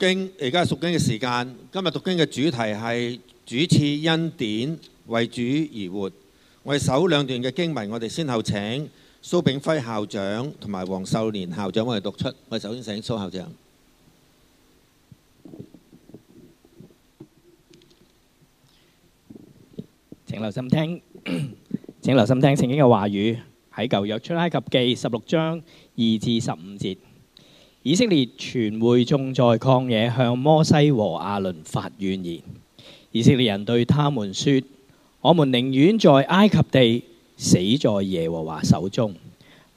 經而家係讀經嘅時間，今日讀經嘅主題係主賜恩典為主而活。我哋首兩段嘅經文，我哋先後請蘇炳輝校長同埋黃秀蓮校長我哋讀出。我哋首先請蘇校長，請留心聽，請留心聽聖經嘅話語喺舊約出埃及記十六章二至十五節。以色列全會眾在曠野向摩西和亞倫發怨言。以色列人對他們說：我們寧願在埃及地死在耶和華手中，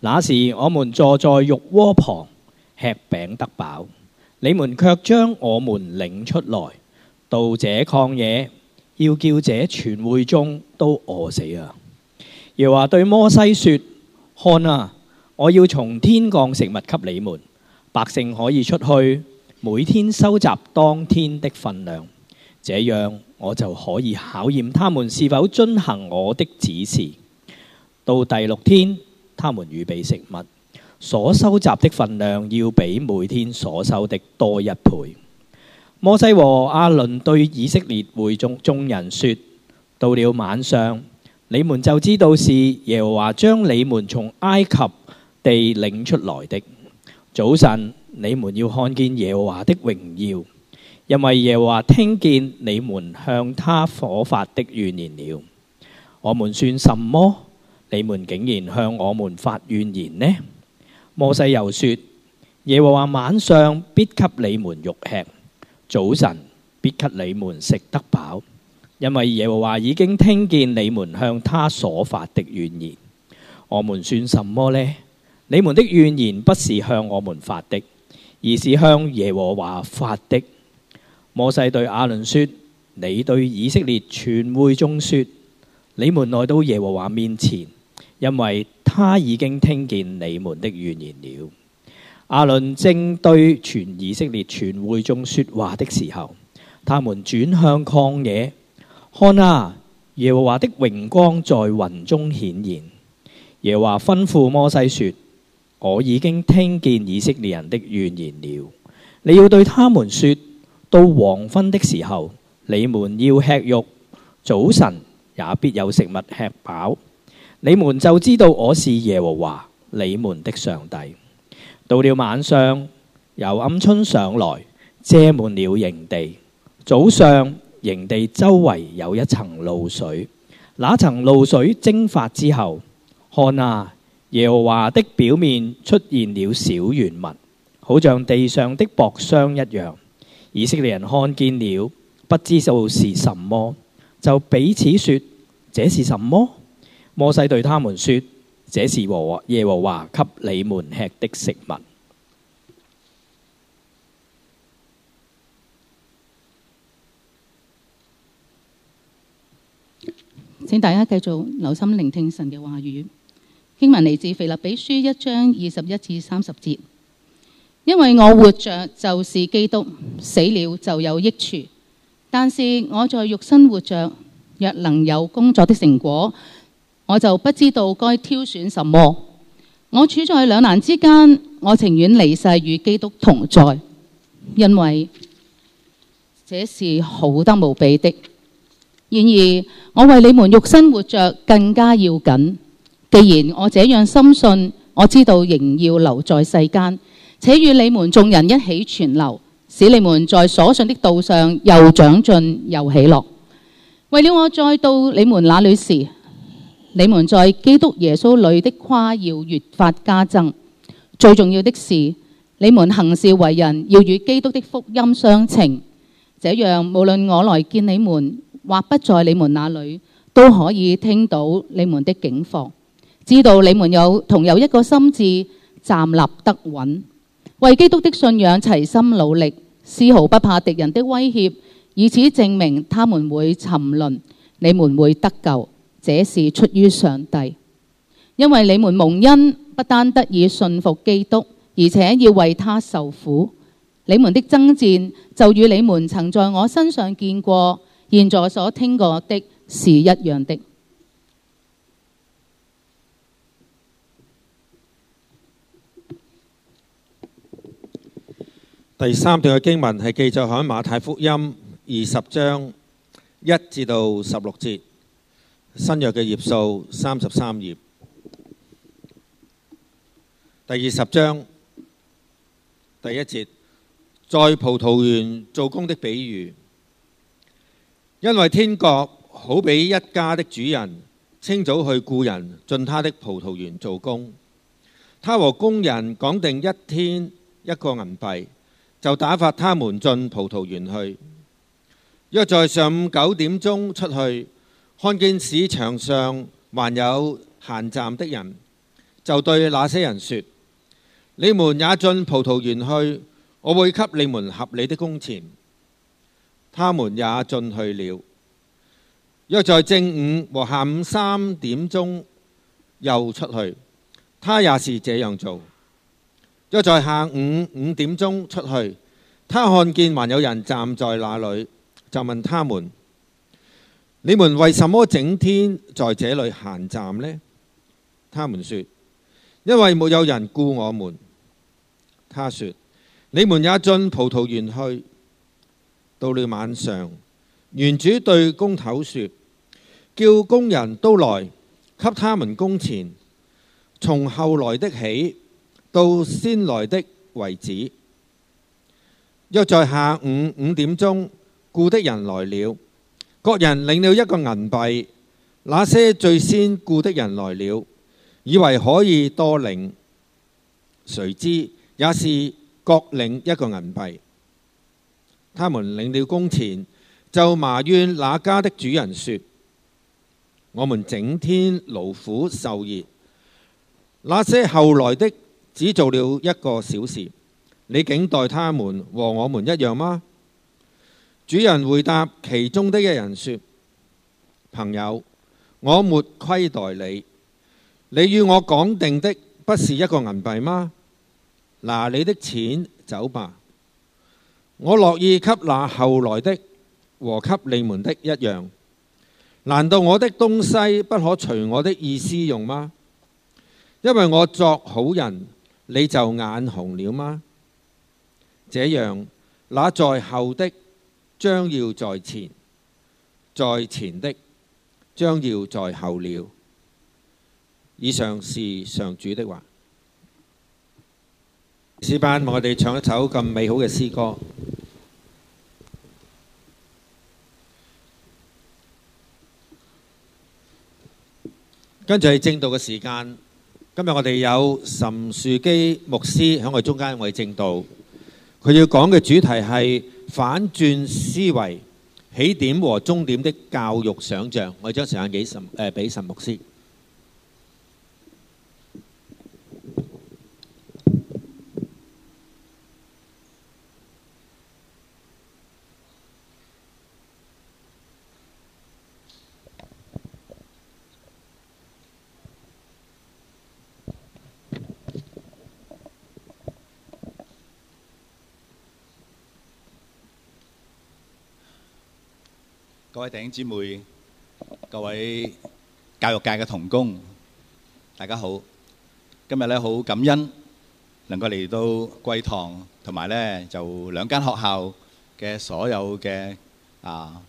那時我們坐在肉鍋旁吃餅得飽。你們却將我們領出來到這曠野，要叫這全會眾都餓死啊！耶和華對摩西說：看啊，我要從天降食物給你們。百姓可以出去，每天收集當天的份量，這樣我就可以考驗他們是否遵行我的指示。到第六天，他們預備食物，所收集的份量要比每天所收的多一倍。摩西和阿倫對以色列會眾眾人說：到了晚上，你們就知道是耶和華將你們從埃及地領出來的。早晨，你們要看見耶和華的榮耀，因為耶和華聽見你們向他所發的怨言了。我們算什麼？你們竟然向我們發怨言呢？摩西又說：耶和華晚上必給你們肉吃，早晨必給你們食得飽，因為耶和華已經聽見你們向他所發的怨言。我們算什麼呢？你們的怨言不是向我們發的，而是向耶和華發的。摩西對亞倫說：你對以色列全會眾說，你們來到耶和華面前，因為他已經聽見你們的怨言了。亞倫正對全以色列全會眾說話的時候，他們轉向曠野。看啊，耶和華的榮光在雲中顯現。耶和華吩咐摩西說：我已經聽見以色列人的怨言了。你要對他們說：到黃昏的時候，你們要吃肉；早晨也必有食物吃飽。你們就知道我是耶和華，你們的上帝。到了晚上，有鵪鶉上來，遮滿了營地。早上，營地周圍有一層露水。那層露水蒸發之後，看啊！耶和華的表面出現了小圓物，好像地上的薄霜一樣。以色列人看見了，不知道是什麼，就彼此說：這是什麼？摩西對他們說：這是耶和華給你們吃的食物。請大家繼續留心聆聽神嘅話語。經文嚟自腓立比書一章二十一至三十節，因為我活着就是基督，死了就有益處。但是我在肉身活着，若能有工作的成果，我就不知道該挑選什麼。我處在兩難之間，我情願離世與基督同在，因為這是好得無比的。然而我為你們肉身活着更加要緊。既然我這樣深信，我知道仍要留在世間，且與你們眾人一起存留，使你們在所信的道上又長進又喜樂。為了我再到你們那裏時，你們在基督耶穌裏的誇耀越發加增。最重要的是，你們行事為人要與基督的福音相稱，這樣無論我來見你們，或不在你們那裏，都可以聽到你們的景況。知道你們有同有一個心志，站立得穩，為基督的信仰齊心努力，絲毫不怕敵人的威脅，以此證明他們會沉淪，你們會得救，這是出於上帝。因為你們蒙恩，不單得以信服基督，而且要為他受苦。你們的爭戰，就與你們曾在我身上見過、現在所聽過的是一樣的。第三段嘅經文係記載喺馬太福音二十章一至到十六節，新約嘅頁數三十三頁。第二十章第一節，在葡萄園做工的比喻，因為天國好比一家的主人，清早去雇人進他的葡萄園做工，他和工人講定一天一個銀幣。就打發他們進葡萄園去。約在上午九點鐘出去，看見市場上還有閒站的人，就對那些人說：你們也進葡萄園去，我會給你們合理的工錢。他們也進去了。約在正午和下午三點鐘又出去，他也是這樣做。約在下午五點鐘出去，他看見還有人站在那裏，就問他們：你們為什麼整天在這裏閒站呢？他們說：因為沒有人雇我們。他說：你們也進葡萄園去。到了晚上，園主對工頭說：叫工人都來，給他們工錢。從後來的起。到先來的為止，約在下午五點鐘，雇的人來了，各人領了一個銀幣。那些最先雇的人來了，以為可以多領，誰知也是各領一個銀幣。他們領了工錢，就埋怨那家的主人說：我們整天勞苦受熱，那些後來的。只做了一個小時，你竟待他們和我們一樣嗎？主人回答其中的一人說：朋友，我沒虧待你，你與我講定的不是一個銀幣嗎？拿你的錢走吧，我樂意給那後來的和給你們的一樣。難道我的東西不可隨我的意思用嗎？因為我作好人。你就眼紅了嗎？這樣，那在後的將要在前，在前的將要在後了。以上是上主的話。詩班， 我哋唱一首咁美好嘅詩歌。跟住係正道嘅時間。今日我哋有岑樹基牧師喺我哋中間為正道，佢要講嘅主題係反轉思維，起點和終點的教育想像。我哋將時間畀岑誒俾岑牧師。各位弟兄姊妹、各位教育界嘅同工，大家好！今日咧好感恩，能夠嚟到貴堂，同埋咧就兩間學校嘅所有嘅啊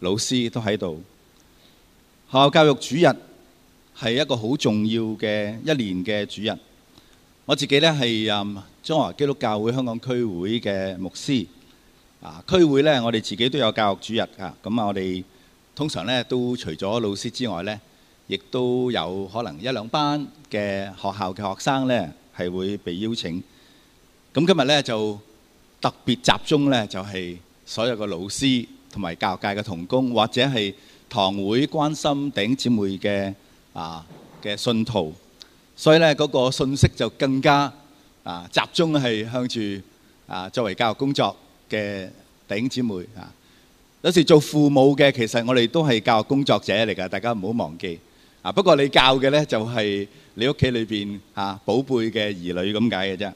老師都喺度。學校教育主日係一個好重要嘅一年嘅主日。我自己咧係啊中華基督教會香港區會嘅牧師。啊，區會咧，我哋自己都有教育主任㗎，咁啊，我哋通常咧都除咗老師之外咧，亦都有可能一兩班嘅學校嘅學生咧，係會被邀請。咁今日咧就特別集中咧，就係所有嘅老師同埋教育界嘅同工，或者係堂會關心頂姊妹嘅啊嘅信徒，所以咧嗰個信息就更加啊集中係向住啊作為教育工作嘅弟兄姊妹啊，有時做父母嘅，其實我哋都係教育工作者嚟噶大家唔好忘記啊。不過你教嘅，呢，就係你屋企裏邊啊，寶貝嘅兒女咁解嘅啫。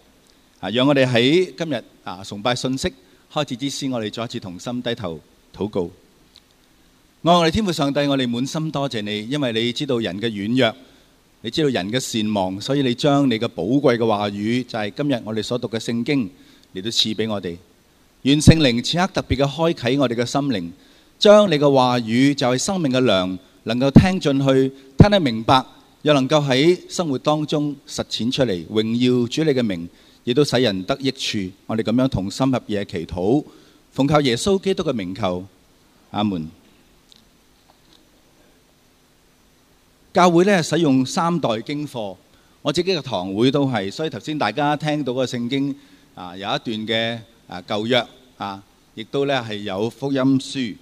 啊，讓我哋喺今日啊，崇拜信息開始之前，我哋再一次同心低頭禱告。我哋天父上帝，我哋滿心多謝你，因為你知道人嘅軟弱，你知道人嘅善忘，所以你將你嘅寶貴嘅話語，就係今日我哋所讀嘅聖經，嚟到賜俾我哋。願聖靈此刻特別嘅開啟我哋嘅心靈，將你嘅話語就係、是、生命嘅糧，能夠聽進去，聽得明白，又能夠喺生活當中實踐出嚟，榮耀主你嘅名，亦都使人得益處。我哋咁樣同心合意祈禱，奉靠耶穌基督嘅名求，阿門。教會呢，使用三代經課，我自己嘅堂會都係，所以頭先大家聽到嘅聖經啊有一段嘅。啊，舊約啊，亦都咧係有福音書，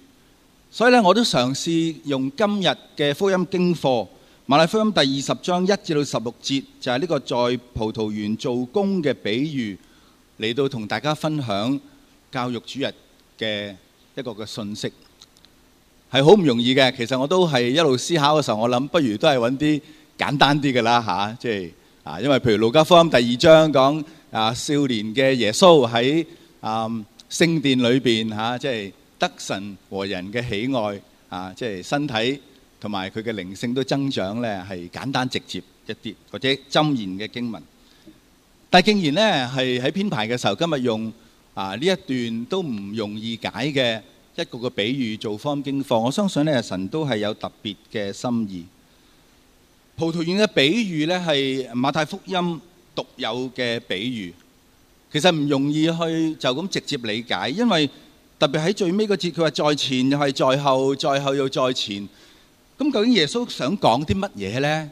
所以咧我都嘗試用今日嘅福音經課馬太福音第二十章一至到十六節，就係、是、呢個在葡萄園做工嘅比喻嚟到同大家分享教育主日嘅一個嘅信息，係好唔容易嘅。其實我都係一路思考嘅時候，我諗不如都係揾啲簡單啲嘅啦吓，即、啊、係、就是、啊，因為譬如路加福音第二章講啊少年嘅耶穌喺。啊！聖殿裏邊嚇，即係得神和人嘅喜愛啊！即係身體同埋佢嘅靈性都增長咧，係簡單直接一啲，或者箴言嘅經文。但竟然咧，係喺編排嘅時候，今日用啊呢一段都唔容易解嘅一個個比喻做福音經課，我相信咧神都係有特別嘅心意。葡萄園嘅比喻咧，係馬太福音獨有嘅比喻。其實唔容易去就咁直接理解，因為特別喺最尾嗰節，佢話在前又係在後，在後又在前，咁究竟耶穌想講啲乜嘢呢？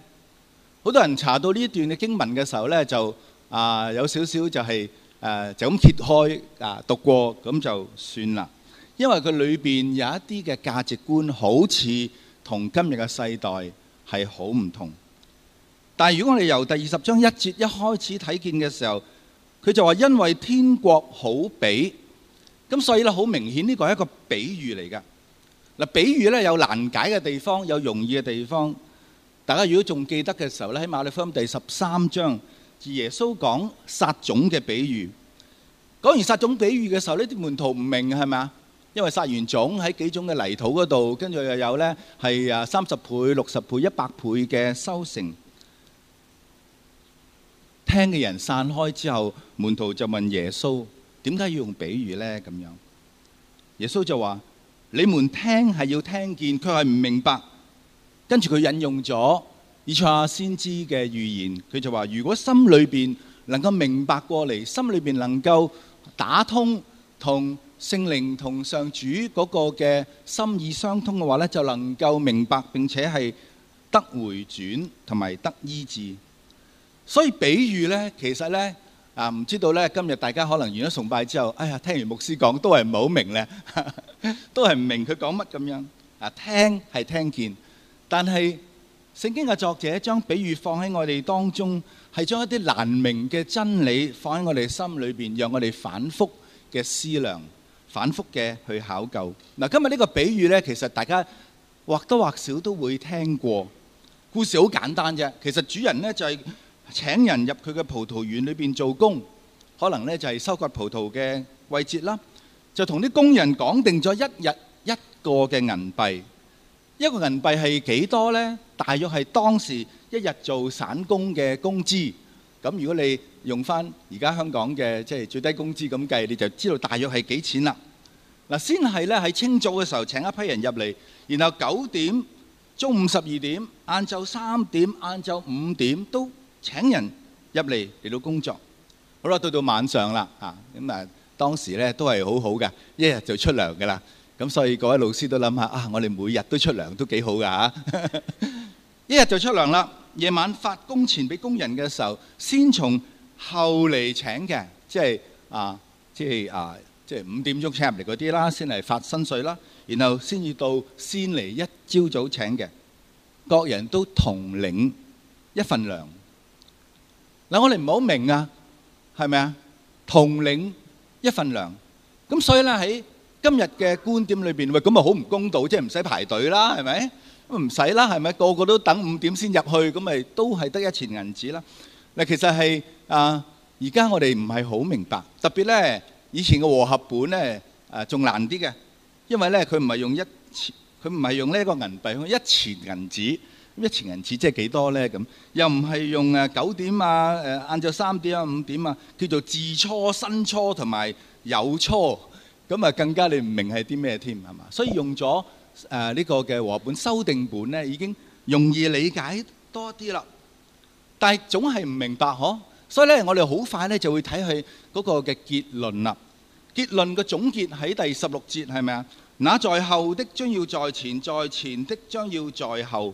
好多人查到呢一段嘅經文嘅時候呢，就啊有少少就係誒就咁揭開啊讀過咁就算啦，因為佢裏邊有一啲嘅價值觀好似同今日嘅世代係好唔同。但係如果我哋由第二十章一節一開始睇見嘅時候，佢就話：因為天國好比，咁所以咧好明顯呢個係一個比喻嚟㗎。嗱，比喻咧有難解嘅地方，有容易嘅地方。大家如果仲記得嘅時候咧，喺馬可福音第十三章，耶穌講撒種嘅比喻。講完撒種比喻嘅時候，呢啲門徒唔明係咪啊？因為撒完種喺幾種嘅泥土嗰度，跟住又有咧係啊三十倍、六十倍、一百倍嘅收成。聽嘅人散開之後，門徒就問耶穌：點解要用比喻呢？咁樣耶穌就話：你們聽係要聽見，佢係唔明白。跟住佢引用咗以賽亞先知嘅預言，佢就話：如果心裏邊能夠明白過嚟，心裏邊能夠打通同聖靈同上主嗰個嘅心意相通嘅話呢，就能夠明白並且係得回轉同埋得醫治。所以比喻呢，其實呢，啊唔知道呢，今日大家可能完咗崇拜之後，哎呀，聽完牧師講都係唔好明呢，都係唔明佢講乜咁樣。啊，聽係聽見，但係聖經嘅作者將比喻放喺我哋當中，係將一啲難明嘅真理放喺我哋心裏面，讓我哋反覆嘅思量，反覆嘅去考究。嗱，今日呢個比喻呢，其實大家或多或少都會聽過。故事好簡單啫，其實主人呢就係。請人入佢嘅葡萄園裏邊做工，可能呢就係收割葡萄嘅季節啦。就同啲工人講定咗一日一個嘅銀幣，一個銀幣係幾多呢？大約係當時一日做散工嘅工資。咁如果你用返而家香港嘅即係最低工資咁計，你就知道大約係幾錢啦。嗱，先係呢喺清早嘅時候請一批人入嚟，然後九點、中午十二點、晏晝三點、晏晝五點都，請人入嚟嚟到工作，好啦，到到晚上啦嚇，咁啊當時咧都係好好嘅，一日就出糧嘅啦。咁所以各位老師都諗下啊，我哋每日都出糧都幾好㗎嚇，一日就出糧啦。夜晚發工錢俾工人嘅時候，先從後嚟請嘅，即係啊，即係啊，即係五點鐘請入嚟嗰啲啦，先嚟發薪水啦，然後先至到先嚟一朝早請嘅，各人都同領一份糧。嗱，我哋唔好明啊，係咪啊？同領一份糧，咁所以咧喺今日嘅觀點裏邊，喂，咁咪好唔公道，即係唔使排隊啦，係咪？唔使啦，係咪？個個都等五點先入去，咁咪都係得一錢銀子啦。嗱，其實係啊，而家我哋唔係好明白，特別咧以前嘅和合本咧，誒仲難啲嘅，因為咧佢唔係用一，佢唔係用呢一個銀幣，佢一錢銀子。一錢銀子即係幾多咧？咁又唔係用誒九點啊誒，晏晝三點啊五點啊，叫做巳初、申初同埋酉初咁啊，更加你唔明係啲咩添係嘛？所以用咗誒呢個嘅和本修訂本咧，已經容易理解多啲啦。但係總係唔明白呵，所以咧我哋好快咧就會睇去嗰個嘅結論啦。結論嘅總結喺第十六節係咪啊？那在後的將要在前，在前的將要在後。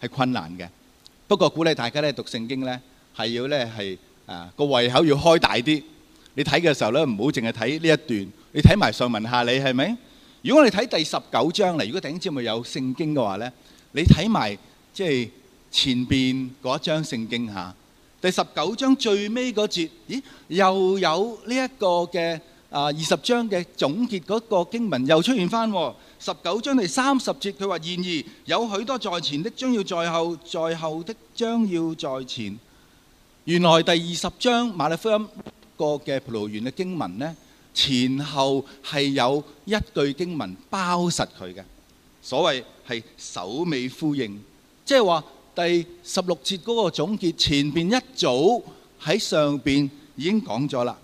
係困難嘅，不過鼓勵大家咧讀聖經呢，係要呢，係啊個胃口要開大啲。你睇嘅時候呢，唔好淨係睇呢一段，你睇埋上文下理，你係咪？如果你睇第十九章嚟，如果頂尖節目有聖經嘅話呢，你睇埋即係前邊嗰一章聖經下第十九章最尾嗰節，咦又有呢一個嘅二十章嘅總結嗰個經文又出現翻喎。十九章第三十節，佢話，然而有許多在前的將要在後，在後的將要在前。原來第二十章馬太福音個嘅葡萄園嘅經文呢，前後係有一句經文包實佢嘅，所謂係首尾呼應。即係話第十六節嗰個總結，前邊一早喺上邊已經講咗啦。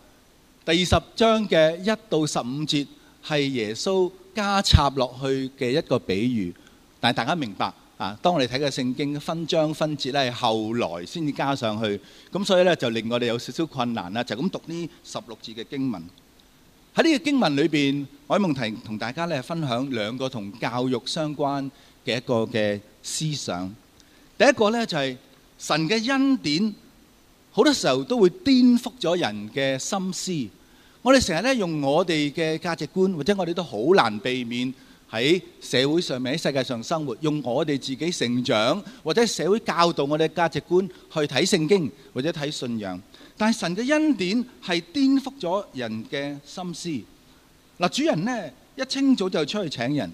第二十章嘅一到十五節係耶穌。加插落去嘅一個比喻。但係大家明白啊，當我哋睇嘅聖經分章分節咧，係後來先至加上去，咁所以咧就令我哋有少少困難啦。就咁讀呢十六字嘅經文，喺呢個經文裏邊，我喺蒙提同大家咧分享兩個同教育相關嘅一個嘅思想。第一個咧就係神嘅恩典，好多時候都會顛覆咗人嘅心思。我哋成日咧用我哋嘅價值觀，或者我哋都好難避免喺社會上面喺世界上生活，用我哋自己成長或者社會教導我哋嘅價值觀去睇聖經或者睇信仰。但係神嘅恩典係顛覆咗人嘅心思。嗱，主人呢，一清早就出去請人，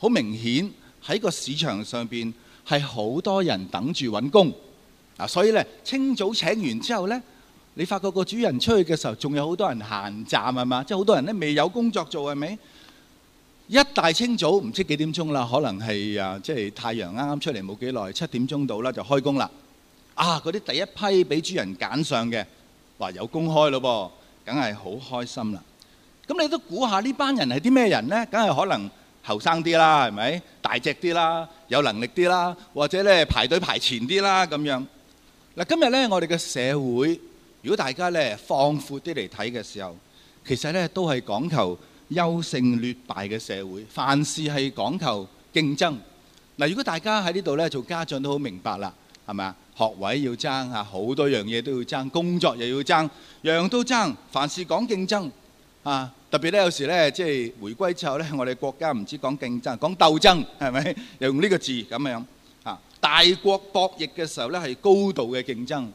好明顯喺個市場上邊係好多人等住揾工啊，所以呢，清早請完之後呢。你發覺個主人出去嘅時候，仲有好多人行站係嘛？即係好多人咧未有工作做係咪？一大清早唔知幾點鐘啦，可能係啊，即係太陽啱啱出嚟冇幾耐，七點鐘到啦就開工啦。啊，嗰啲第一批俾主人揀上嘅話有工開咯噃，梗係好開心啦。咁你都估下呢班人係啲咩人咧？梗係可能後生啲啦，係咪大隻啲啦，有能力啲啦，或者咧排隊排前啲啦咁樣。嗱，今日咧我哋嘅社會。如果大家咧放闊啲嚟睇嘅時候，其實咧都係講求優勝劣敗嘅社會，凡事係講求競爭。嗱，如果大家喺呢度咧做家長都好明白啦，係咪啊？學位要爭啊，好多樣嘢都要爭，工作又要爭，樣樣都爭，凡事講競爭啊！特別咧有時咧即係回歸之後咧，我哋國家唔知講競爭，講鬥爭，係咪？又用呢個字咁樣啊？大國博弈嘅時候咧係高度嘅競爭。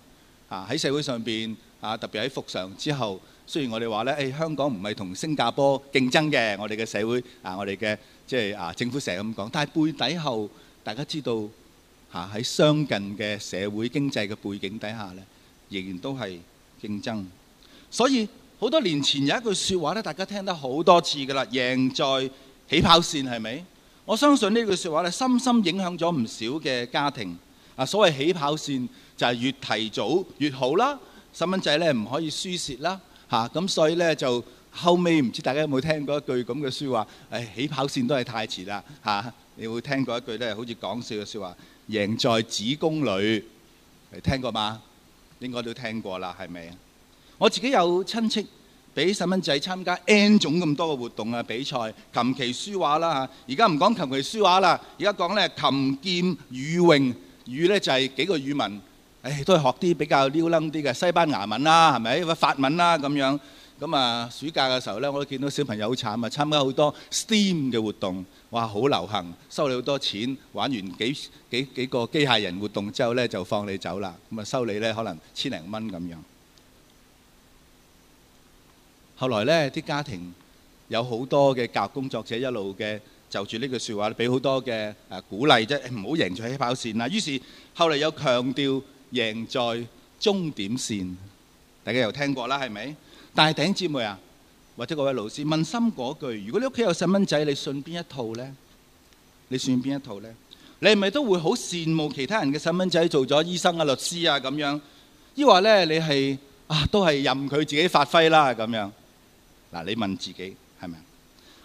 啊！喺社會上邊啊，特別喺復常之後，雖然我哋話咧，誒香港唔係同新加坡競爭嘅，我哋嘅社會啊，我哋嘅即係啊政府成日咁講，但係背底後大家知道吓，喺相近嘅社會經濟嘅背景底下咧，仍然都係競爭。所以好多年前有一句説話咧，大家聽得好多次㗎喇，贏在起跑線係咪？我相信呢句説話咧，深深影響咗唔少嘅家庭。啊！所謂起跑線就係越提早越好啦。細蚊仔咧，唔可以輸蝕啦，嚇咁，啊、所以咧就後尾唔知大家有冇聽過一句咁嘅説話？誒、哎、起跑線都係太遲啦嚇，啊！你有冇聽過一句咧？好似講笑嘅説話，贏在子宮裡你聽過嗎？應該都聽過啦，係咪啊？我自己有親戚俾細蚊仔參加 N 種咁多嘅活動啊比賽，琴棋書畫啦嚇。而家唔講琴棋書畫啦，而家講咧琴劍羽泳。語呢就係、是、幾個語文，誒、哎、都係學啲比較撩楞啲嘅西班牙文啦、啊，係咪？法文啦、啊、咁樣。咁啊，暑假嘅時候呢，我都見到小朋友好慘啊，參加好多 STEAM 嘅活動，哇，好流行，收你好多錢，玩完幾幾幾個機械人活動之後呢，就放你走啦。咁啊，收你呢，可能千零蚊咁樣。後來呢，啲家庭有好多嘅教育工作者一路嘅。就住呢句說話，俾好多嘅誒、啊、鼓勵啫，唔好贏在起跑線啦。於是後嚟又強調贏在終點線，大家又聽過啦，係咪？大頂姐妹啊，或者各位老師，問心嗰句：如果你屋企有細蚊仔，你信邊一套呢？你信邊一套呢？你係咪都會好羨慕其他人嘅細蚊仔做咗醫生啊、律師啊咁樣？抑或呢，你係啊都係任佢自己發揮啦咁樣？嗱，你問自己。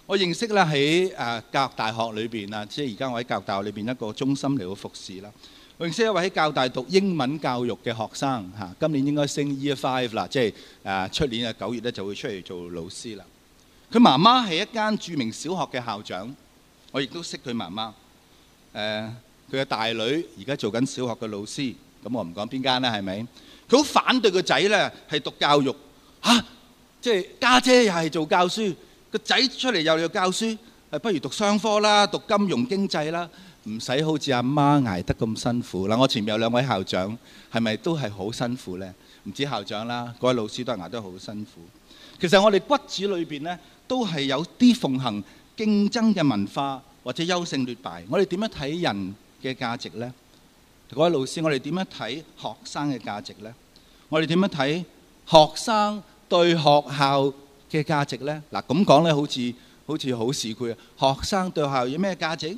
我認識啦喺誒教育大學裏邊啊，即係而家我喺教育大學裏邊一個中心嚟到服侍啦。我認識一位喺教大讀英文教育嘅學生嚇，今年應該升 E Five 啦，即係誒出年啊九月咧就會出嚟做老師啦。佢媽媽係一間著名小學嘅校長，我亦都識佢媽媽。誒，佢嘅大女而家做緊小學嘅老師，咁我唔講邊間啦，係咪？佢好反對個仔咧係讀教育嚇，即係家姐又係做教書。個仔出嚟又要教書，係不如讀商科啦，讀金融經濟啦，唔使好似阿媽捱得咁辛苦。嗱，我前面有兩位校長，係咪都係好辛苦呢？唔止校長啦，各位老師都係捱得好辛苦。其實我哋骨子裏邊呢，都係有啲奉行競爭嘅文化，或者優勝劣敗。我哋點樣睇人嘅價值呢？各位老師，我哋點樣睇學生嘅價值呢？我哋點樣睇學生對學校？嘅價值呢？嗱咁講呢，好似好似好市儈啊！學生對學校有咩價值？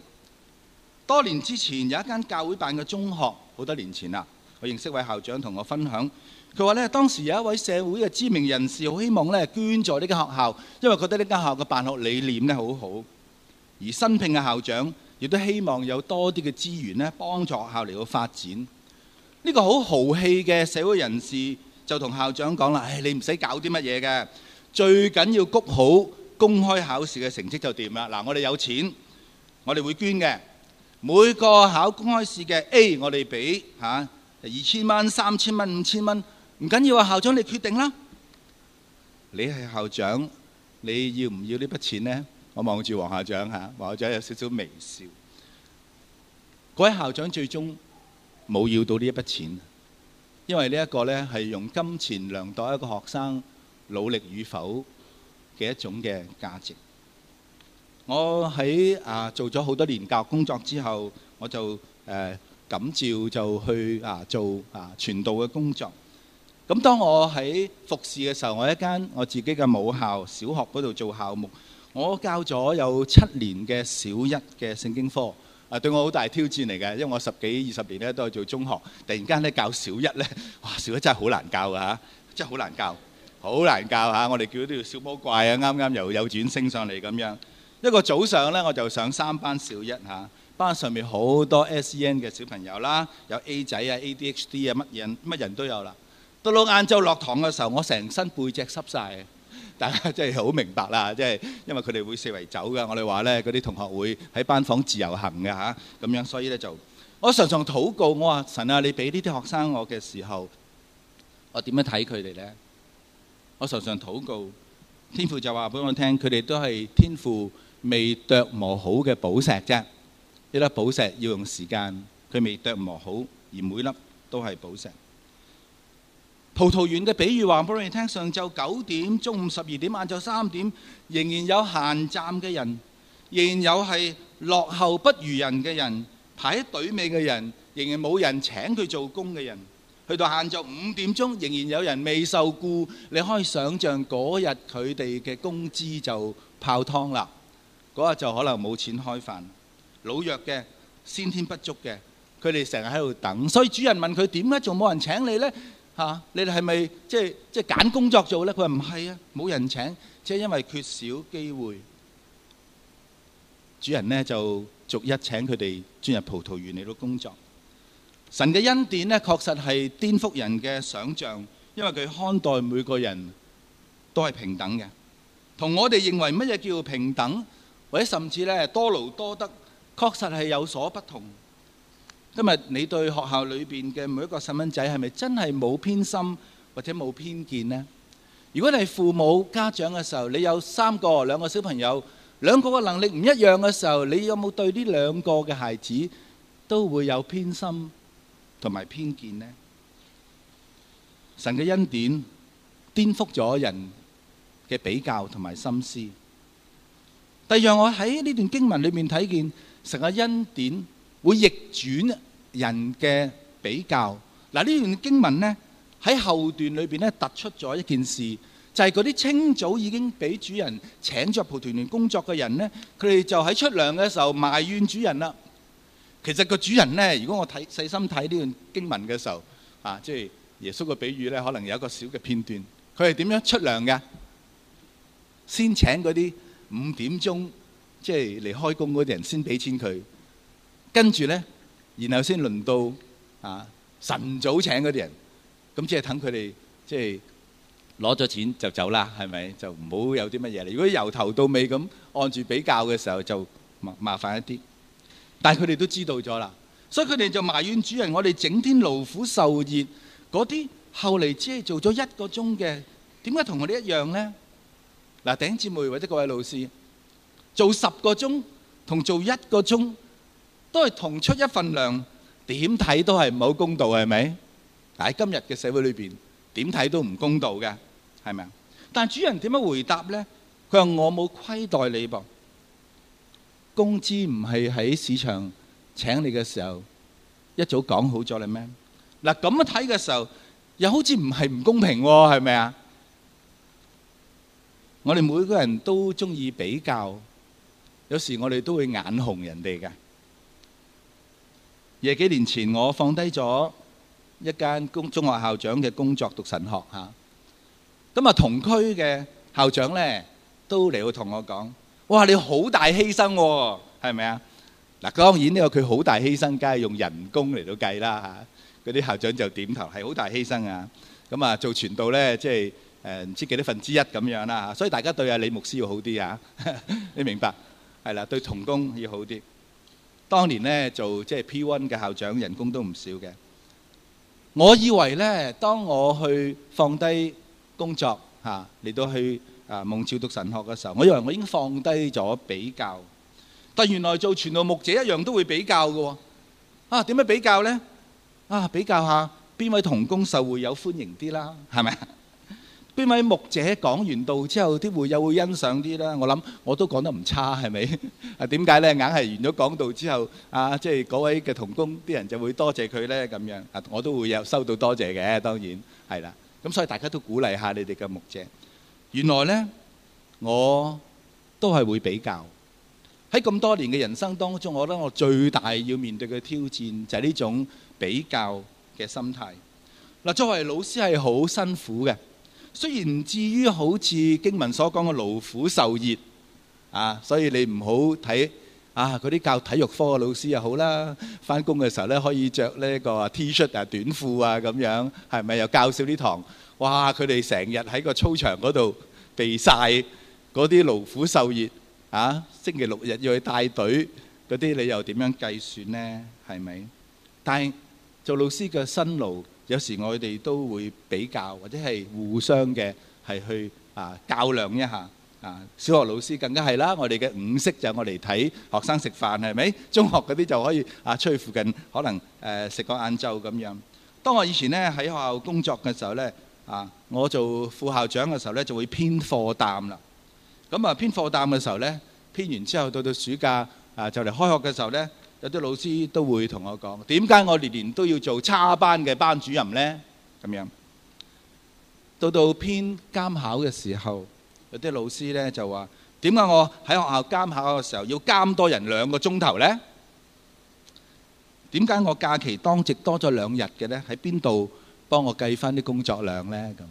多年之前有一間教會辦嘅中學，好多年前啊。我認識位校長同我分享，佢話呢，當時有一位社會嘅知名人士好希望呢，捐助呢間學校，因為覺得呢間學校嘅辦學理念呢好好，而新聘嘅校長亦都希望有多啲嘅資源呢，幫助學校嚟到發展。呢、這個好豪氣嘅社會人士就同校長講啦：唉、哎，你唔使搞啲乜嘢嘅。最緊要谷好公開考試嘅成績就掂啦！嗱，我哋有錢，我哋會捐嘅。每個考公開試嘅 A，我哋俾吓二千蚊、三千蚊、五千蚊，唔緊要啊！校長你決定啦。你係校長，你要唔要呢筆錢呢？我望住黃校長吓，黃校長有少少微笑。嗰位校長最終冇要到呢一筆錢，因為呢一個呢係用金錢量度一個學生。努力與否嘅一種嘅價值。我喺啊做咗好多年教育工作之後，我就誒感召就去啊做啊傳道嘅工作。咁當我喺服侍嘅時候，我一間我自己嘅母校小學嗰度做校目，我教咗有七年嘅小一嘅聖經科啊，對我好大挑戰嚟嘅，因為我十幾二十年咧都係做中學，突然間咧教小一咧，哇！小一真係好難教㗎，真係好難教。好難教吓，我哋叫啲小魔怪啊！啱啱由幼稚園升上嚟咁樣，一個早上呢，我就上三班小一，吓班上面好多 S.E.N 嘅小朋友啦，有 A 仔啊、A.D.H.D 啊，乜嘢乜人都有啦。到到晏晝落堂嘅時候，我成身背脊濕晒，大家真係好明白啦，即係因為佢哋會四圍走㗎。我哋話呢，嗰啲同學會喺班房自由行嘅吓，咁樣，所以呢就我常常禱告，我話神啊，你俾呢啲學生我嘅時候，我點樣睇佢哋呢？我常常禱告，天父就話俾我聽，佢哋都係天父未琢磨好嘅寶石啫。一粒寶石要用時間，佢未琢磨好，而每粒都係寶石。葡萄園嘅比喻話俾我哋聽：上晝九點、中午十二點、晏晝三點，仍然有閒站嘅人，仍然有係落後不如人嘅人，排喺隊尾嘅人，仍然冇人請佢做工嘅人。去到晏晝五點鐘，仍然有人未受雇，你可以想象嗰日佢哋嘅工資就泡湯啦。嗰日就可能冇錢開飯。老弱嘅、先天不足嘅，佢哋成日喺度等，所以主人問佢，點解仲冇人請你咧？嚇，你哋係咪即係即係揀工作做咧？佢話唔係啊，冇人請，只係因為缺少機會。主人咧就逐一請佢哋進入葡萄園嚟到工作。神嘅恩典呢，確實係顛覆人嘅想像，因為佢看待每個人都係平等嘅。同我哋認為乜嘢叫平等，或者甚至呢多勞多得，確實係有所不同。今日你對學校裏邊嘅每一個細蚊仔係咪真係冇偏心或者冇偏見呢？如果你係父母家長嘅時候，你有三個兩個小朋友，兩個嘅能力唔一樣嘅時候，你有冇對呢兩個嘅孩子都會有偏心？同埋偏見呢，神嘅恩典顛覆咗人嘅比較同埋心思。第二，讓我喺呢段經文裏面睇見，神嘅恩典會逆轉人嘅比較。嗱，呢段經文呢，喺後段裏邊咧突出咗一件事，就係嗰啲清早已經俾主人請入葡萄園工作嘅人咧，佢哋就喺出糧嘅時候埋怨主人啦。其實個主人咧，如果我睇細心睇呢段經文嘅時候，啊，即係耶穌嘅比喻咧，可能有一個小嘅片段，佢係點樣出糧嘅？先請嗰啲五點鐘即係嚟開工嗰啲人先俾錢佢，跟住咧，然後先輪到啊晨早請嗰啲人，咁即係等佢哋即係攞咗錢就走啦，係咪？就唔好有啲乜嘢嚟。如果由頭到尾咁按住比較嘅時候，就麻麻煩一啲。但係佢哋都知道咗啦，所以佢哋就埋怨主人：我哋整天勞苦受熱，嗰啲後嚟只係做咗一個鐘嘅，點解同我哋一樣呢？嗱，頂姐妹或者各位老師做十個鐘同做一個鐘都係同出一份糧，點睇都係唔好公道，係咪？喺今日嘅社會裏邊，點睇都唔公道嘅，係咪啊？但係主人點樣回答呢？佢話我冇虧待你噃。工資唔係喺市場請你嘅時候一早講好咗你咩？嗱，咁樣睇嘅時候，又好似唔係唔公平喎，係咪啊？我哋每個人都鍾意比較，有時我哋都會眼紅人哋嘅。廿幾年前，我放低咗一間公中學校長嘅工作讀神學嚇，咁啊同區嘅校長咧都嚟會同我講。哇！你好大犧牲喎，係咪啊？嗱，當然呢個佢好大犧牲，梗係用人工嚟到計啦嚇。嗰啲校長就點頭，係好大犧牲啊。咁啊，做傳道咧，即係誒唔知幾多分之一咁樣啦嚇。所以大家對阿李牧師要好啲啊，你明白？係啦，對同工要好啲。當年咧做即係 P1 嘅校長，人工都唔少嘅。我以為咧，當我去放低工作嚇嚟到去，啊！蒙召讀神學嘅時候，我以為我已經放低咗比較，但原來做傳道牧者一樣都會比較嘅。啊，點樣比較呢？啊，比較下邊位同工受會友歡迎啲啦，係咪？邊位牧者講完道之後，啲會友會欣賞啲啦？我諗我都講得唔差，係咪？啊，點解呢？硬係完咗講道之後，啊，即係嗰位嘅同工，啲人就會多謝佢呢，咁樣啊，我都會有收到多謝嘅，當然係啦。咁所以大家都鼓勵下你哋嘅牧者。原來呢，我都係會比較，喺咁多年嘅人生當中，我覺得我最大要面對嘅挑戰就係呢種比較嘅心態。嗱，作為老師係好辛苦嘅，雖然唔至於好似經文所講嘅勞苦受熱啊，所以你唔好睇。啊！嗰啲教體育科嘅老師又好啦，翻工嘅時候咧可以著呢個 T 恤啊、短褲啊咁樣，係咪又教少啲堂？哇！佢哋成日喺個操場嗰度避曬，嗰啲勞苦受熱啊！星期六日要去帶隊，嗰啲你又點樣計算呢？係咪？但係做老師嘅辛勞，有時我哋都會比較，或者係互相嘅係去啊較量一下。啊！小學老師更加係啦，我哋嘅五色就我嚟睇學生食飯係咪？中學嗰啲就可以啊，出去附近可能誒食、呃、個晏晝咁樣。當我以前呢喺學校工作嘅時候呢，啊，我做副校長嘅時候呢，就會編課擔啦。咁、嗯、啊編課擔嘅時候呢，編完之後到到暑假啊就嚟開學嘅時候呢，有啲老師都會同我講：「點解我年年都要做差班嘅班主任呢？」咁樣到到編監考嘅時候。有啲老師咧就話：點解我喺學校監考嘅時候要監多人兩個鐘頭咧？點解我假期當值多咗兩日嘅咧？喺邊度幫我計返啲工作量咧？咁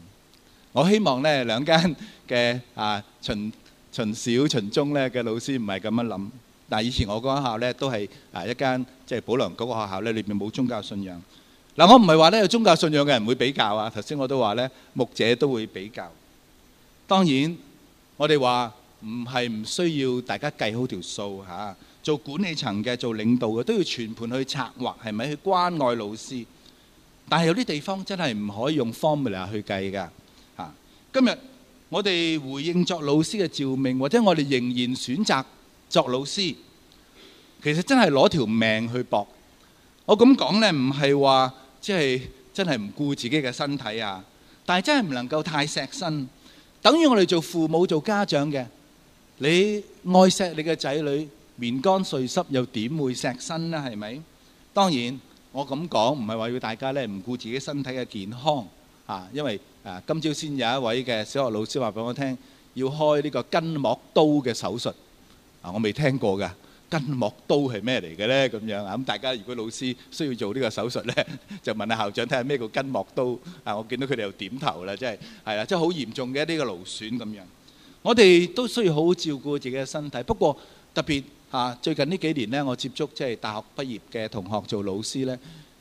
我希望咧兩間嘅啊秦秦小秦中咧嘅老師唔係咁樣諗。但係以前我嗰間校咧都係啊一間即係保良局嗰個學校咧，裏邊冇宗教信仰。嗱，我唔係話咧有宗教信仰嘅人會比較啊。頭先我都話咧，牧者都會比較。當然。我哋話唔係唔需要大家計好條數吓，做管理層嘅、做領導嘅都要全盤去策劃，係咪去關愛老師？但係有啲地方真係唔可以用 formula 去計㗎吓。今日我哋回應作老師嘅召命，或者我哋仍然選擇作老師，其實真係攞條命去搏。我咁講呢，唔係話即係真係唔顧自己嘅身體啊，但係真係唔能夠太錫身。等於我哋做父母做家長嘅，你愛錫你嘅仔女，棉乾絮濕又點會錫身咧？係咪？當然，我咁講唔係話要大家咧唔顧自己身體嘅健康啊，因為誒今朝先有一位嘅小學老師話俾我聽，要開呢個筋膜刀嘅手術啊，我未聽過嘅。筋膜刀係咩嚟嘅咧？咁樣啊，咁大家如果老師需要做呢個手術咧，就問下校長睇下咩叫筋膜刀啊。我見到佢哋又點頭啦，真係係啊，即係好嚴重嘅呢個勞損咁樣。我哋都需要好好照顧自己嘅身體。不過特別啊，最近呢幾年咧，我接觸即係大學畢業嘅同學做老師咧，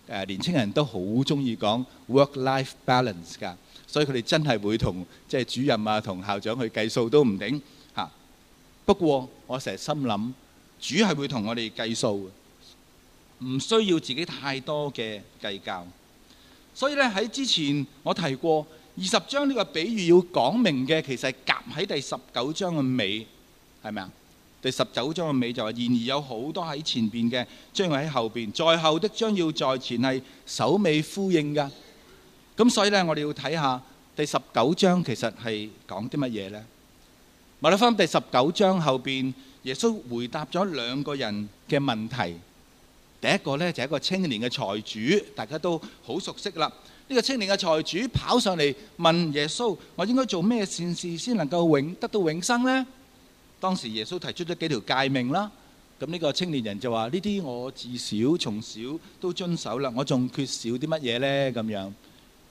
誒年輕人都好中意講 work-life balance 㗎，所以佢哋真係會同即係主任啊、同校長去計數都唔定嚇。不過我成日心諗。主係會同我哋計數嘅，唔需要自己太多嘅計較。所以呢，喺之前我提過二十章呢個比喻要講明嘅，其實夾喺第十九章嘅尾，係咪啊？第十九章嘅尾就話、是，然而有好多喺前邊嘅，將會喺後邊，在後，後的將要在前係首尾呼應噶。咁所以呢，我哋要睇下第十九章其實係講啲乜嘢呢？咪睇翻第十九章後邊。耶穌回答咗兩個人嘅問題，第一個呢就係一個青年嘅財主，大家都好熟悉啦。呢個青年嘅財主跑上嚟問耶穌：我應該做咩善事先能夠永得到永生呢？當時耶穌提出咗幾條誡命啦，咁呢個青年人就話：呢啲我至少從小都遵守啦，我仲缺少啲乜嘢呢？咁樣，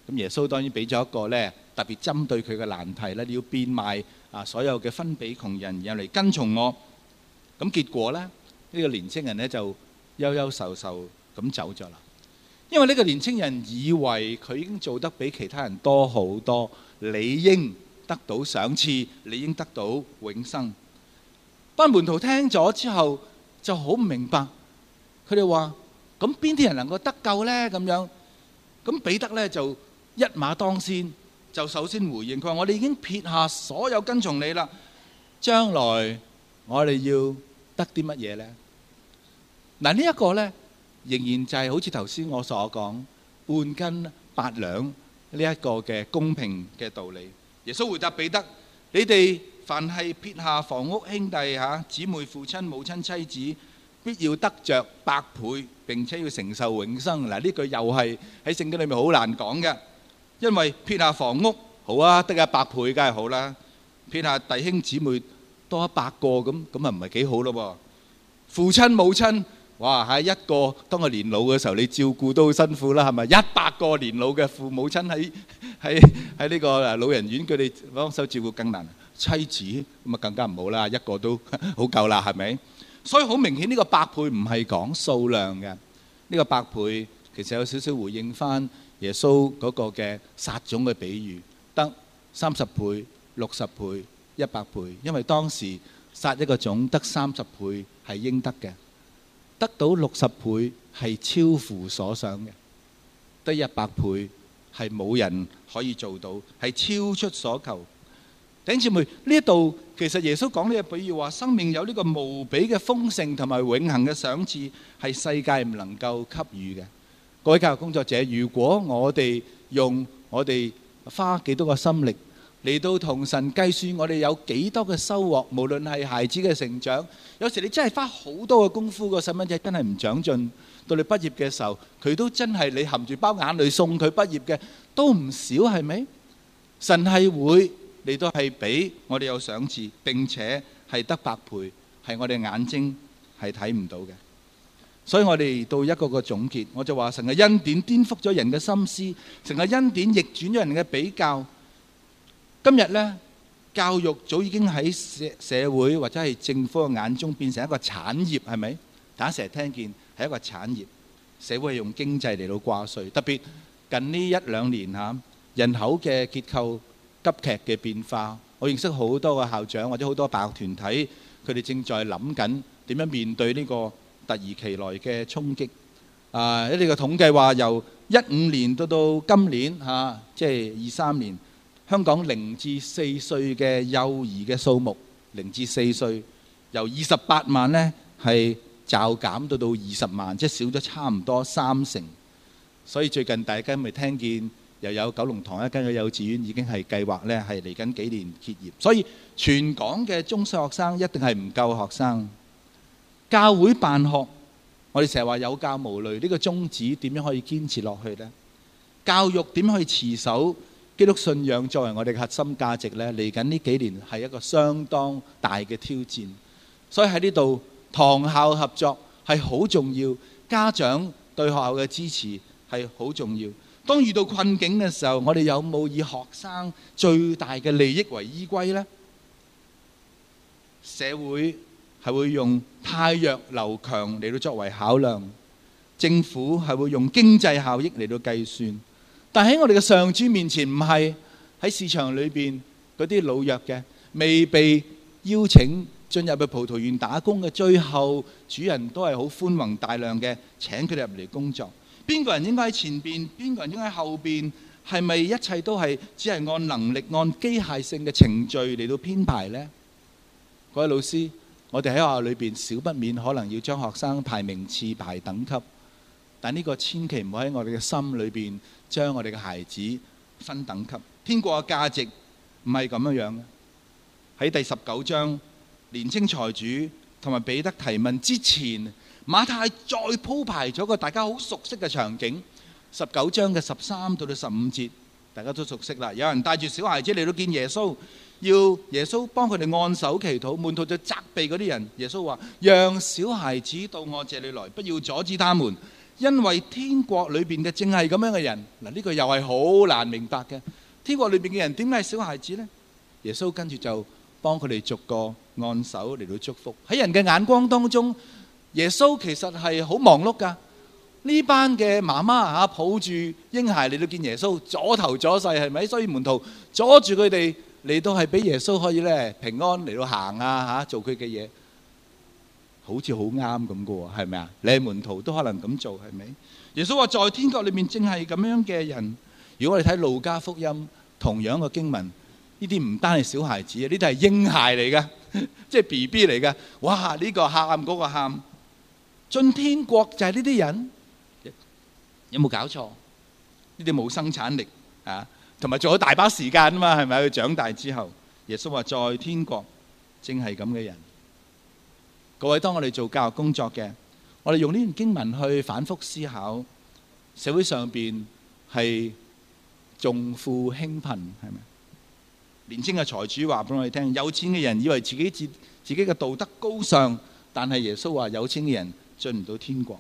咁耶穌當然俾咗一個呢特別針對佢嘅難題啦。你要變賣啊所有嘅分俾窮人，然後嚟跟從我。咁結果呢，呢個年青人呢就憂憂愁愁咁走咗啦。因為呢個年青人以為佢已經做得比其他人多好多，理應得到賞賜，理應得到永生。班門徒聽咗之後就好唔明白，佢哋話：咁邊啲人能夠得救呢？咁樣咁彼得呢就一馬當先，就首先回應佢話：我哋已經撇下所有跟從你啦，將來我哋要得啲乜嘢呢？嗱呢一個呢，仍然就係好似頭先我所講半斤八兩呢一個嘅公平嘅道理。耶穌回答彼得，你哋凡係撇下房屋、兄弟、吓姊妹、父親、母親、妻子，必要得着百倍，並且要承受永生。嗱呢句又係喺聖經裏面好難講嘅，因為撇下房屋好啊，得啊百倍，梗係好啦。撇下弟兄姊妹。多一百個咁咁咪唔係幾好咯？父親母親，哇喺一個當佢年老嘅時候，你照顧都好辛苦啦，係咪？一百個年老嘅父母親喺喺喺呢個老人院，佢哋幫手照顧更難。妻子咁啊更加唔好啦，一個都好夠啦，係咪？所以好明顯呢個百倍唔係講數量嘅，呢個百倍其實有少少回應返耶穌嗰個嘅撒種嘅比喻，得三十倍、六十倍。一百倍，因為當時撒一個種得三十倍係應得嘅，得到六十倍係超乎所想嘅，得一百倍係冇人可以做到，係超出所求。弟兄姊妹呢一度，其實耶穌講呢個比喻話，生命有呢個無比嘅豐盛同埋永恒嘅賞賜，係世界唔能夠給予嘅。各位教育工作者，如果我哋用我哋花幾多個心力，嚟到同神計算，我哋有幾多嘅收穫？無論係孩子嘅成長，有時你真係花好多嘅功夫，個細蚊仔真係唔長進。到你畢業嘅時候，佢都真係你含住包眼淚送佢畢業嘅，都唔少係咪？神係會嚟到係俾我哋有賞賜，並且係得百倍，係我哋眼睛係睇唔到嘅。所以我哋到一個個總結，我就話：成個恩典顛覆咗人嘅心思，成個恩典逆轉咗人嘅比較。今日呢，教育早已經喺社社會或者係政府嘅眼中變成一個產業，係咪？大家成日聽見係一個產業，社會係用經濟嚟到掛帥。特別近呢一兩年嚇，人口嘅結構急劇嘅變化，我認識好多個校長或者好多辦學團體，佢哋正在諗緊點樣面對呢個突如其來嘅衝擊。啊！呢個統計話，由一五年到到今年嚇，即係二三年。香港零至四歲嘅幼兒嘅數目，零至四歲由二十八萬呢，係驟減到到二十萬，即係少咗差唔多三成。所以最近大家咪聽見又有九龍塘一間嘅幼稚園已經係計劃呢係嚟緊幾年結業。所以全港嘅中小學生一定係唔夠學生。教會辦學，我哋成日話有教無類，呢個宗旨點樣可以堅持落去呢？教育點去持守？基督信仰作為我哋嘅核心價值呢，嚟緊呢幾年係一個相當大嘅挑戰，所以喺呢度，堂校合作係好重要，家長對學校嘅支持係好重要。當遇到困境嘅時候，我哋有冇以學生最大嘅利益為依歸呢？社會係會用汰弱留強嚟到作為考量，政府係會用經濟效益嚟到計算。但喺我哋嘅上主面前，唔係，喺市場裏邊嗰啲老弱嘅未被邀請進入去葡萄園打工嘅，最後主人都係好寬宏大量嘅，請佢哋入嚟工作。邊個人應該喺前邊，邊個人應該喺後邊，係咪一切都係只係按能力、按機械性嘅程序嚟到編排咧？各位老師，我哋喺學校裏邊少不免可能要將學生排名次、排等級，但呢個千祈唔好喺我哋嘅心裏邊。將我哋嘅孩子分等級，天國嘅價值唔係咁樣樣。喺第十九章，年青財主同埋彼得提問之前，馬太再鋪排咗個大家好熟悉嘅場景。十九章嘅十三到到十五節，大家都熟悉啦。有人帶住小孩子嚟到見耶穌，要耶穌幫佢哋按手祈禱，門徒就責備嗰啲人。耶穌話：「讓小孩子到我這裏來，不要阻止他們。因為天國裏邊嘅正係咁樣嘅人，嗱呢個又係好難明白嘅。天國裏邊嘅人點解係小孩子呢？耶穌跟住就幫佢哋逐個按手嚟到祝福。喺人嘅眼光當中，耶穌其實係好忙碌噶。呢班嘅媽媽吓抱住嬰孩嚟到見耶穌，左頭左勢係咪？所以門徒阻住佢哋嚟到係俾耶穌可以呢平安嚟到行啊吓，做佢嘅嘢。好似好啱咁噶喎，係咪啊？你門徒都可能咁做，係咪？耶穌話在天國裏面正係咁樣嘅人。如果我哋睇路加福音，同樣嘅經文，呢啲唔單係小孩子，呢啲係嬰孩嚟㗎，即係 B B 嚟㗎。哇！呢個喊嗰個喊，進天國就係呢啲人，有冇搞錯？呢啲冇生產力啊，同埋做咗大把時間啊嘛，係咪？佢長大之後，耶穌話在天國正係咁嘅人。各位，當我哋做教育工作嘅，我哋用呢段經文去反覆思考，社會上邊係重富輕貧，係咪？年輕嘅財主話俾我哋聽，有錢嘅人以為自己自自己嘅道德高尚，但係耶穌話有錢嘅人進唔到天國。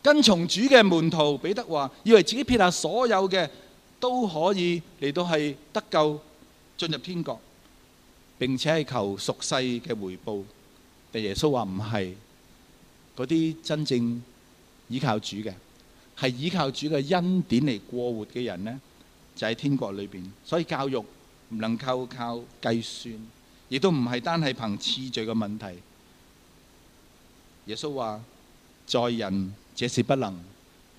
跟從主嘅門徒彼得話，以為自己撇下所有嘅都可以嚟到係得救進入天國，並且係求屬世嘅回報。但耶穌話唔係嗰啲真正依靠主嘅，係依靠主嘅恩典嚟過活嘅人呢就喺天國裏邊。所以教育唔能夠靠計算，亦都唔係單係憑次序嘅問題。耶穌話：在人這是不能，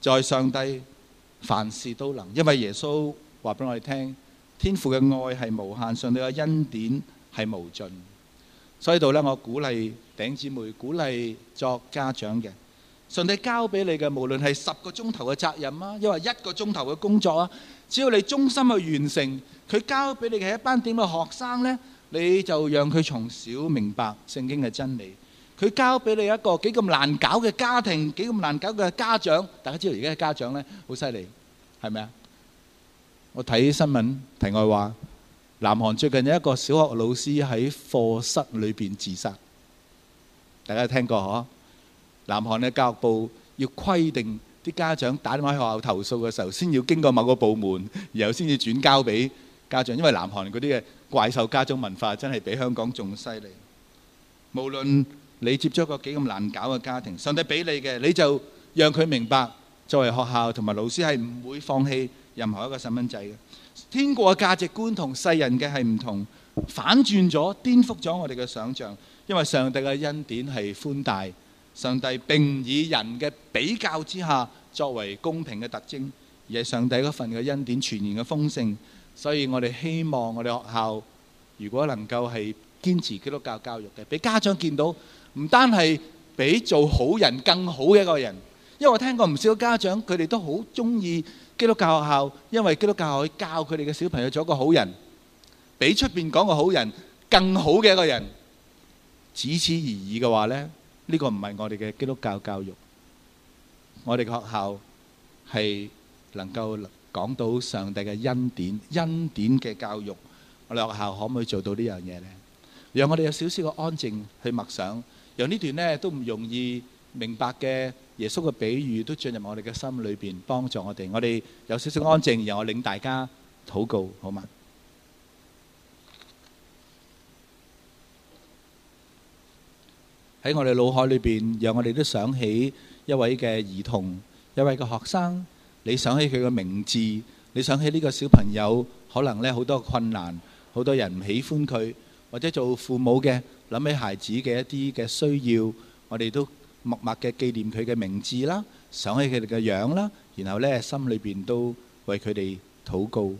在上帝凡事都能。因為耶穌話俾我哋聽，天父嘅愛係無限，上帝嘅恩典係無盡。所以度咧，我鼓勵頂姊妹，鼓勵作家長嘅，上帝交俾你嘅，無論係十個鐘頭嘅責任啊，亦或一個鐘頭嘅工作啊，只要你忠心去完成，佢交俾你嘅一班點樣嘅學生咧，你就讓佢從小明白聖經嘅真理。佢交俾你一個幾咁難搞嘅家庭，幾咁難搞嘅家長，大家知道而家嘅家長咧，好犀利，係咪啊？我睇新聞題外話。南韓最近有一個小學老師喺課室裏邊自殺，大家聽過嗬？南韓嘅教育部要規定啲家長打電話去學校投訴嘅時候，先要經過某個部門，然後先至轉交俾家長。因為南韓嗰啲嘅怪獸家長文化真係比香港仲犀利。無論你接觸個幾咁難搞嘅家庭，上帝俾你嘅，你就讓佢明白，作為學校同埋老師係唔會放棄任何一個細蚊仔嘅。天國嘅價值觀同世人嘅係唔同，反轉咗、顛覆咗我哋嘅想像。因為上帝嘅恩典係寬大，上帝並唔以人嘅比較之下作為公平嘅特徵，而係上帝嗰份嘅恩典全然嘅豐盛。所以我哋希望我哋學校如果能夠係堅持基督教教育嘅，俾家長見到，唔單係比做好人更好嘅一個人。因為我聽過唔少家長佢哋都好鍾意。基督教學校，因為基督教學校去教佢哋嘅小朋友做一個好人，比出邊講個好人更好嘅一個人，只此而已嘅話咧，呢個唔係我哋嘅基督教教育。我哋嘅學校係能夠講到上帝嘅恩典、恩典嘅教育，我哋學校可唔可以做到呢樣嘢咧？讓我哋有少少嘅安靜去默想，讓呢段咧都唔容易明白嘅。耶穌嘅比喻都進入我哋嘅心裏邊，幫助我哋。我哋有少少安靜，然後我領大家禱告，好嗎？喺我哋腦海裏邊，讓我哋都想起一位嘅兒童，一位嘅學生。你想起佢嘅名字，你想起呢個小朋友，可能呢好多困難，好多人唔喜歡佢，或者做父母嘅諗起孩子嘅一啲嘅需要，我哋都默默嘅紀念佢嘅名字啦，想起佢哋嘅樣啦，然後呢心裏邊都為佢哋禱告，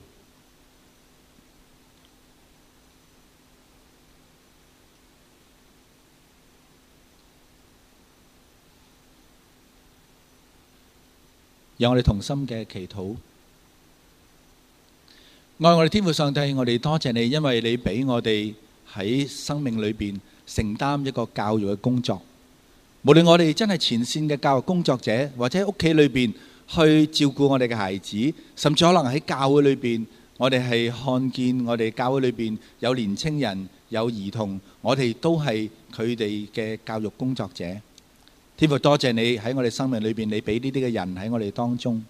讓我哋同心嘅祈禱。愛我哋天父上帝，我哋多謝你，因為你俾我哋喺生命裏邊承擔一個教育嘅工作。無論我哋真係前線嘅教育工作者，或者屋企裏邊去照顧我哋嘅孩子，甚至可能喺教會裏邊，我哋係看見我哋教會裏邊有年輕人、有兒童，我哋都係佢哋嘅教育工作者。天父多謝你喺我哋生命裏邊，你俾呢啲嘅人喺我哋當中，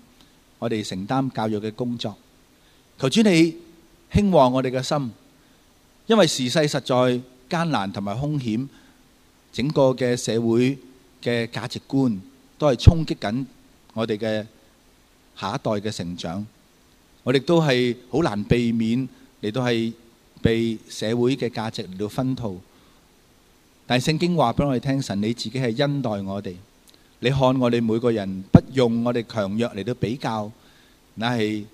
我哋承擔教育嘅工作。求主你興旺我哋嘅心，因為時勢實在艱難同埋凶險。整個嘅社會嘅價值觀都係衝擊緊我哋嘅下一代嘅成長，我哋都係好難避免你都係被社會嘅價值嚟到薰陶。但係聖經話俾我哋聽，神你自己係恩待我哋。你看我哋每個人，不用我哋強弱嚟到比較，那係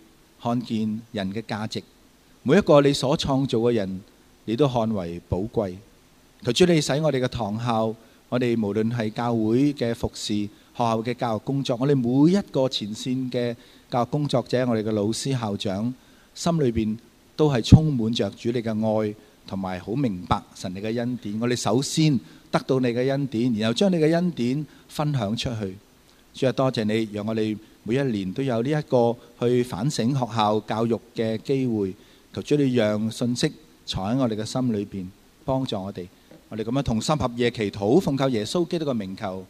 看見人嘅價值。每一個你所創造嘅人，你都看為寶貴。求主你使我哋嘅堂校，我哋無論係教會嘅服侍、學校嘅教育工作，我哋每一個前線嘅教育工作者，我哋嘅老師校長，心裏邊都係充滿着主你嘅愛，同埋好明白神你嘅恩典。我哋首先得到你嘅恩典，然後將你嘅恩典分享出去。主啊，多謝你，讓我哋每一年都有呢一個去反省學校教育嘅機會。求主你讓信息藏喺我哋嘅心裏邊，幫助我哋。我哋咁樣同心合意祈禱，奉靠耶穌基督嘅名求，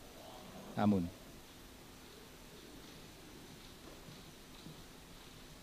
阿門。